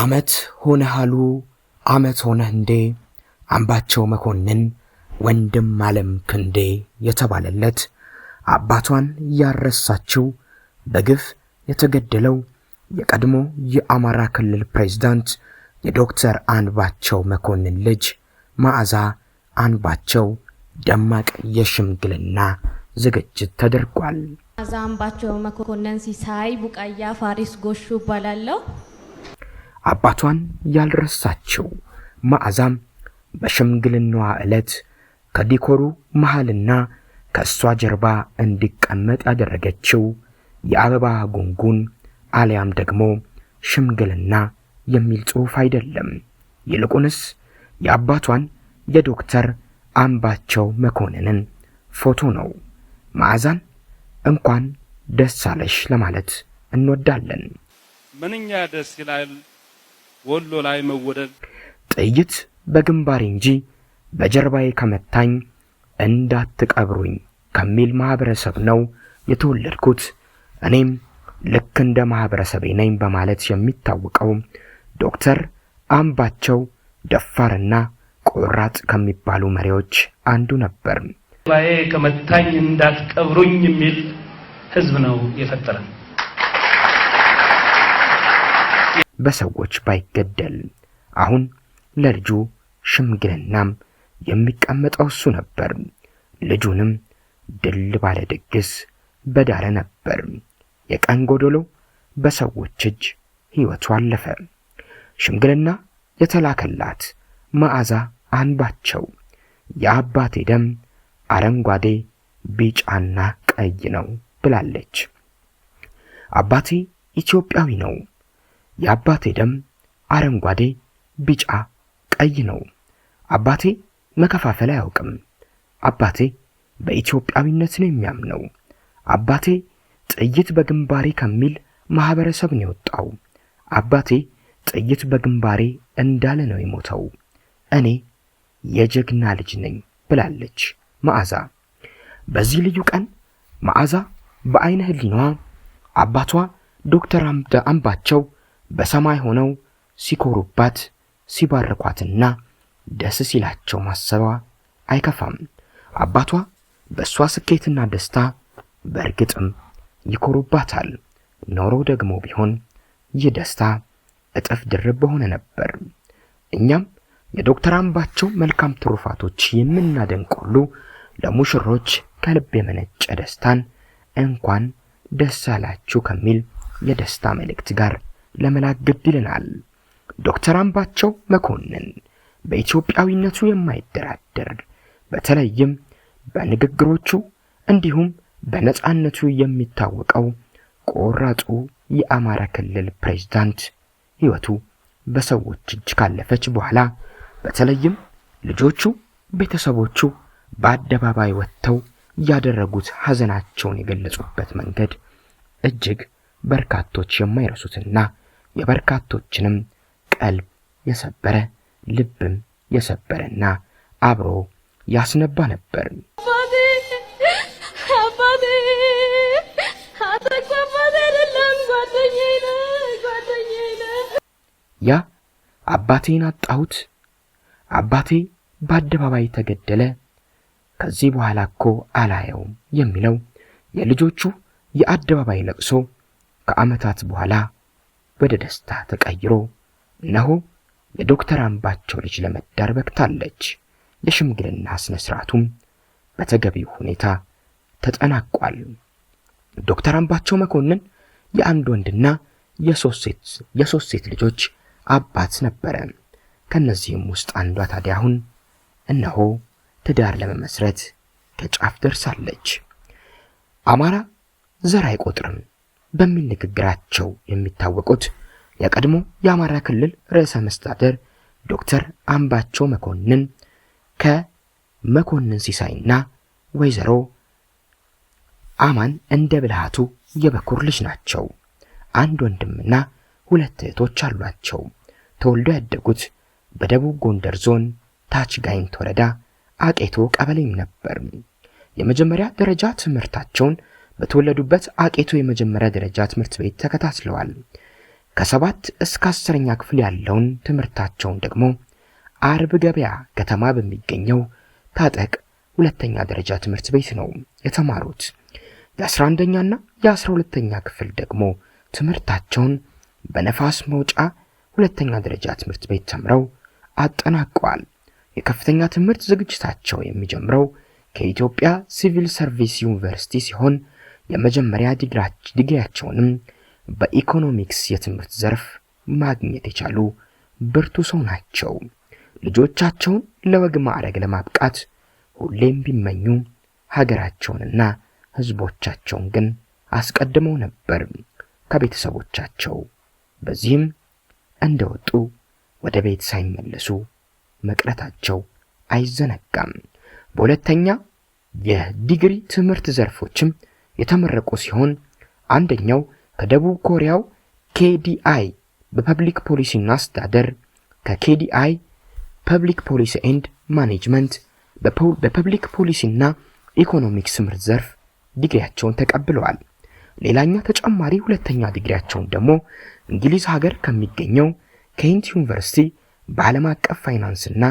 አመት አሉ አመት ሆነህ እንዴ አምባቸው መኮንን ወንድም አለም ክንዴ የተባለለት አባቷን ያረሳችው በግፍ የተገደለው የቀድሞ የአማራ ክልል ፕሬዝዳንት የዶክተር አንባቸው መኮንን ልጅ መዓዛ አንባቸው ደማቅ የሽምግልና ዝግጅት ተደርጓል። አዛምባቸው መኮንን ሲሳይ ቡቃያ ፋሪስ ጎሹ እባላለሁ። አባቷን ያልረሳችው መዓዛም በሽምግልናዋ ዕለት ከዲኮሩ መሃልና ከእሷ ጀርባ እንዲቀመጥ ያደረገችው የአበባ ጉንጉን አሊያም ደግሞ ሽምግልና የሚል ጽሑፍ አይደለም። ይልቁንስ የአባቷን የዶክተር አምባቸው መኮንንን ፎቶ ነው። መዓዛን እንኳን ደስ አለሽ ለማለት እንወዳለን። ምንኛ ደስ ይላል ወሎ ላይ መወደድ። ጥይት በግንባሬ እንጂ በጀርባዬ ከመታኝ እንዳትቀብሩኝ ከሚል ማህበረሰብ ነው የተወለድኩት። እኔም ልክ እንደ ማህበረሰቤ ነኝ በማለት የሚታወቀው ዶክተር አምባቸው ደፋርና ቆራጥ ከሚባሉ መሪዎች አንዱ ነበር። ከመታኝ እንዳትቀብሩኝ የሚል ህዝብ ነው የፈጠረን። በሰዎች ባይገደል አሁን ለልጁ ሽምግልናም የሚቀመጠው እሱ ነበር። ልጁንም ድል ባለ ድግስ በዳረ ነበር። የቀን ጎዶሎ በሰዎች እጅ ሕይወቱ አለፈ። ሽምግልና የተላከላት መዓዛ አንባቸው የአባቴ ደም አረንጓዴ ቢጫና ቀይ ነው ብላለች። አባቴ ኢትዮጵያዊ ነው። የአባቴ ደም አረንጓዴ፣ ቢጫ፣ ቀይ ነው። አባቴ መከፋፈል አያውቅም። አባቴ በኢትዮጵያዊነት ነው የሚያምነው። አባቴ ጥይት በግንባሬ ከሚል ማህበረሰብ ነው የወጣው። አባቴ ጥይት በግንባሬ እንዳለ ነው የሞተው። እኔ የጀግና ልጅ ነኝ ብላለች መዓዛ። በዚህ ልዩ ቀን መዓዛ በአይነ ህሊናዋ አባቷ ዶክተር አምባቸው በሰማይ ሆነው ሲኮሩባት ሲባርኳትና ደስ ሲላቸው ማሰቧ አይከፋም። አባቷ በእሷ ስኬትና ደስታ በእርግጥም ይኮሩባታል። ኖሮ ደግሞ ቢሆን ይህ ደስታ እጥፍ ድርብ በሆነ ነበር። እኛም የዶክተር አምባቸው መልካም ትሩፋቶች የምናደንቅ ሁሉ ለሙሽሮች ከልብ የመነጨ ደስታን እንኳን ደስ አላችሁ ከሚል የደስታ መልእክት ጋር ለመላክ ግድ ይለናል። ዶክተር አምባቸው መኮንን በኢትዮጵያዊነቱ የማይደራደር በተለይም በንግግሮቹ እንዲሁም በነፃነቱ የሚታወቀው ቆራጡ የአማራ ክልል ፕሬዝዳንት ሕይወቱ በሰዎች እጅ ካለፈች በኋላ በተለይም ልጆቹ፣ ቤተሰቦቹ በአደባባይ ወጥተው ያደረጉት ሐዘናቸውን የገለጹበት መንገድ እጅግ በርካቶች የማይረሱትና የበርካቶችንም ቀልብ የሰበረ ልብም የሰበረና አብሮ ያስነባ ነበር። ያ አባቴን አጣሁት፣ አባቴ በአደባባይ ተገደለ ከዚህ በኋላ እኮ አላየውም የሚለው የልጆቹ የአደባባይ ለቅሶ ከዓመታት በኋላ ወደ ደስታ ተቀይሮ እነሆ የዶክተር አምባቸው ልጅ ለመዳር በቅታለች። የሽምግልና ስነ ስርዓቱም በተገቢው ሁኔታ ተጠናቋል። ዶክተር አምባቸው መኮንን የአንድ ወንድና የሶስት ሴት ልጆች አባት ነበረ። ከእነዚህም ውስጥ አንዷ ታዲያ አሁን እነሆ ትዳር ለመመስረት ከጫፍ ደርሳለች። አማራ ዘር አይቆጥርም በሚል ንግግራቸው የሚታወቁት የቀድሞ የአማራ ክልል ርዕሰ መስተዳደር ዶክተር አምባቸው መኮንን ከመኮንን ሲሳይና ወይዘሮ አማን እንደ ብልሃቱ የበኩር ልጅ ናቸው። አንድ ወንድምና ሁለት እህቶች አሏቸው። ተወልደው ያደጉት በደቡብ ጎንደር ዞን ታች ጋይንት ወረዳ አቄቶ ቀበሌም ነበር። የመጀመሪያ ደረጃ ትምህርታቸውን በተወለዱበት አቄቶ የመጀመሪያ ደረጃ ትምህርት ቤት ተከታትለዋል። ከሰባት እስከ አስረኛ ክፍል ያለውን ትምህርታቸውን ደግሞ አርብ ገበያ ከተማ በሚገኘው ታጠቅ ሁለተኛ ደረጃ ትምህርት ቤት ነው የተማሩት። የ11ኛና የ12ኛ ክፍል ደግሞ ትምህርታቸውን በነፋስ መውጫ ሁለተኛ ደረጃ ትምህርት ቤት ተምረው አጠናቀዋል። የከፍተኛ ትምህርት ዝግጅታቸው የሚጀምረው ከኢትዮጵያ ሲቪል ሰርቪስ ዩኒቨርሲቲ ሲሆን የመጀመሪያ ዲግሪያቸውንም በኢኮኖሚክስ የትምህርት ዘርፍ ማግኘት የቻሉ ብርቱ ሰው ናቸው። ልጆቻቸውን ለወግ ማዕረግ ለማብቃት ሁሌም ቢመኙ ሀገራቸውንና ሕዝቦቻቸውን ግን አስቀድመው ነበር ከቤተሰቦቻቸው። በዚህም እንደወጡ ወደ ቤት ሳይመለሱ መቅረታቸው አይዘነጋም። በሁለተኛ የዲግሪ ትምህርት ዘርፎችም የተመረቁ ሲሆን አንደኛው ከደቡብ ኮሪያው ኬዲአይ በፐብሊክ ፖሊሲና አስተዳደር ከኬዲአይ ፐብሊክ ፖሊሲ ኤንድ ማኔጅመንት በፐብሊክ ፖሊሲና ኢኮኖሚክስ ትምህርት ዘርፍ ዲግሪያቸውን ተቀብለዋል። ሌላኛው ተጨማሪ ሁለተኛ ዲግሪያቸውን ደግሞ እንግሊዝ ሀገር ከሚገኘው ኬንት ዩኒቨርሲቲ በዓለም አቀፍ ፋይናንስና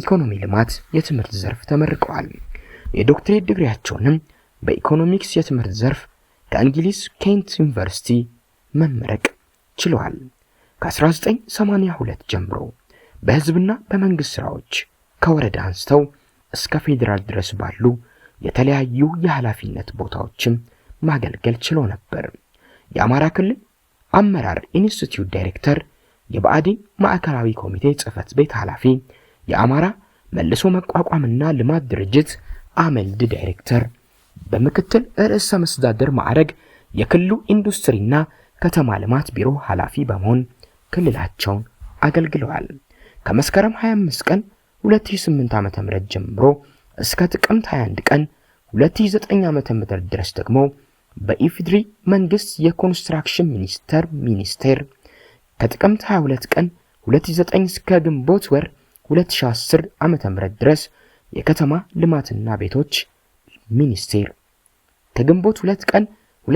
ኢኮኖሚ ልማት የትምህርት ዘርፍ ተመርቀዋል። የዶክትሬት ዲግሪያቸውንም በኢኮኖሚክስ የትምህርት ዘርፍ ከእንግሊዝ ኬንት ዩኒቨርሲቲ መመረቅ ችለዋል። ከ1982 ጀምሮ በሕዝብና በመንግሥት ሥራዎች ከወረዳ አንስተው እስከ ፌዴራል ድረስ ባሉ የተለያዩ የኃላፊነት ቦታዎችም ማገልገል ችሎ ነበር። የአማራ ክልል አመራር ኢንስቲትዩት ዳይሬክተር የብአዴን ማዕከላዊ ኮሚቴ ጽህፈት ቤት ኃላፊ፣ የአማራ መልሶ መቋቋምና ልማት ድርጅት አመልድ ዳይሬክተር፣ በምክትል ርዕሰ መስተዳደር ማዕረግ የክልሉ ኢንዱስትሪና ከተማ ልማት ቢሮ ኃላፊ በመሆን ክልላቸውን አገልግለዋል። ከመስከረም 25 ቀን 2008 ዓ.ም ጀምሮ እስከ ጥቅምት 21 ቀን 2009 ዓ.ም ድረስ ደግሞ በኢፍድሪ መንግስት የኮንስትራክሽን ሚኒስቴር ሚኒስቴር ከጥቅምት 22 ቀን 2009 እስከ ግንቦት ወር 2010 ዓ.ም ድረስ የከተማ ልማትና ቤቶች ሚኒስቴር፣ ከግንቦት 2 ቀን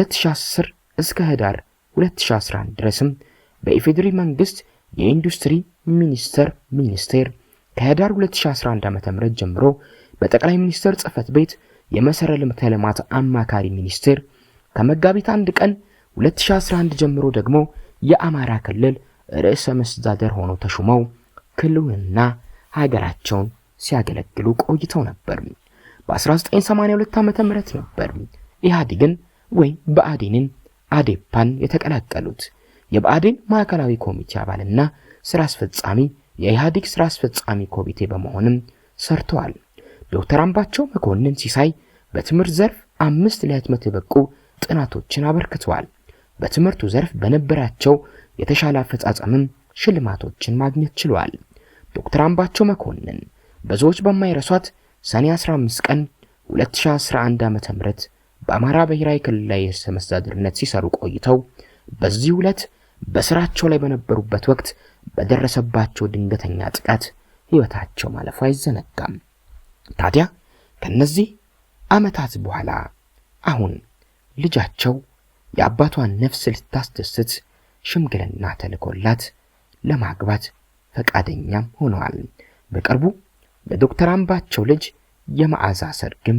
2010 እስከ ህዳር 2011 ድረስም በኢፌዴሪ መንግስት የኢንዱስትሪ ሚኒስቴር ሚኒስቴር ከህዳር 2011 ዓ.ም ጀምሮ በጠቅላይ ሚኒስትር ጽህፈት ቤት የመሰረተ ልማት አማካሪ ሚኒስቴር ከመጋቢት አንድ ቀን 2011 ጀምሮ ደግሞ የአማራ ክልል ርዕሰ መስተዳደር ሆነው ተሹመው ክልሉንና ሀገራቸውን ሲያገለግሉ ቆይተው ነበር። በ1982 ም ነበር ኢህአዴግን ወይም ብአዴንን አዴፓን የተቀላቀሉት። የብአዴን ማዕከላዊ ኮሚቴ አባልና ስራ አስፈጻሚ የኢህአዴግ ስራ አስፈጻሚ ኮሚቴ በመሆንም ሰርተዋል። ዶክተር አምባቸው መኮንን ሲሳይ በትምህርት ዘርፍ አምስት ለህትመት የበቁ ጥናቶችን አበርክተዋል። በትምህርቱ ዘርፍ በነበራቸው የተሻለ አፈጻጸምም ሽልማቶችን ማግኘት ችሏል። ዶክተር አምባቸው መኮንን ብዙዎች በማይረሷት ሰኔ 15 ቀን 2011 ዓ.ም በአማራ ብሔራዊ ክልላዊ ርዕሰ መስተዳድርነት ሲሰሩ ቆይተው በዚህ ዕለት በስራቸው ላይ በነበሩበት ወቅት በደረሰባቸው ድንገተኛ ጥቃት ህይወታቸው ማለፉ አይዘነጋም። ታዲያ ከነዚህ ዓመታት በኋላ አሁን ልጃቸው የአባቷን ነፍስ ልታስደስት ሽምግልና ተልኮላት ለማግባት ፈቃደኛም ሆነዋል። በቅርቡ በዶክተር አምባቸው ልጅ የመዓዛ ሰርግም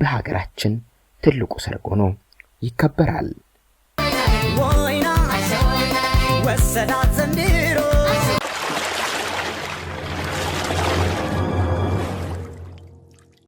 በሀገራችን ትልቁ ሰርግ ሆኖ ይከበራል። ወይና ወሰዳት ዘንድ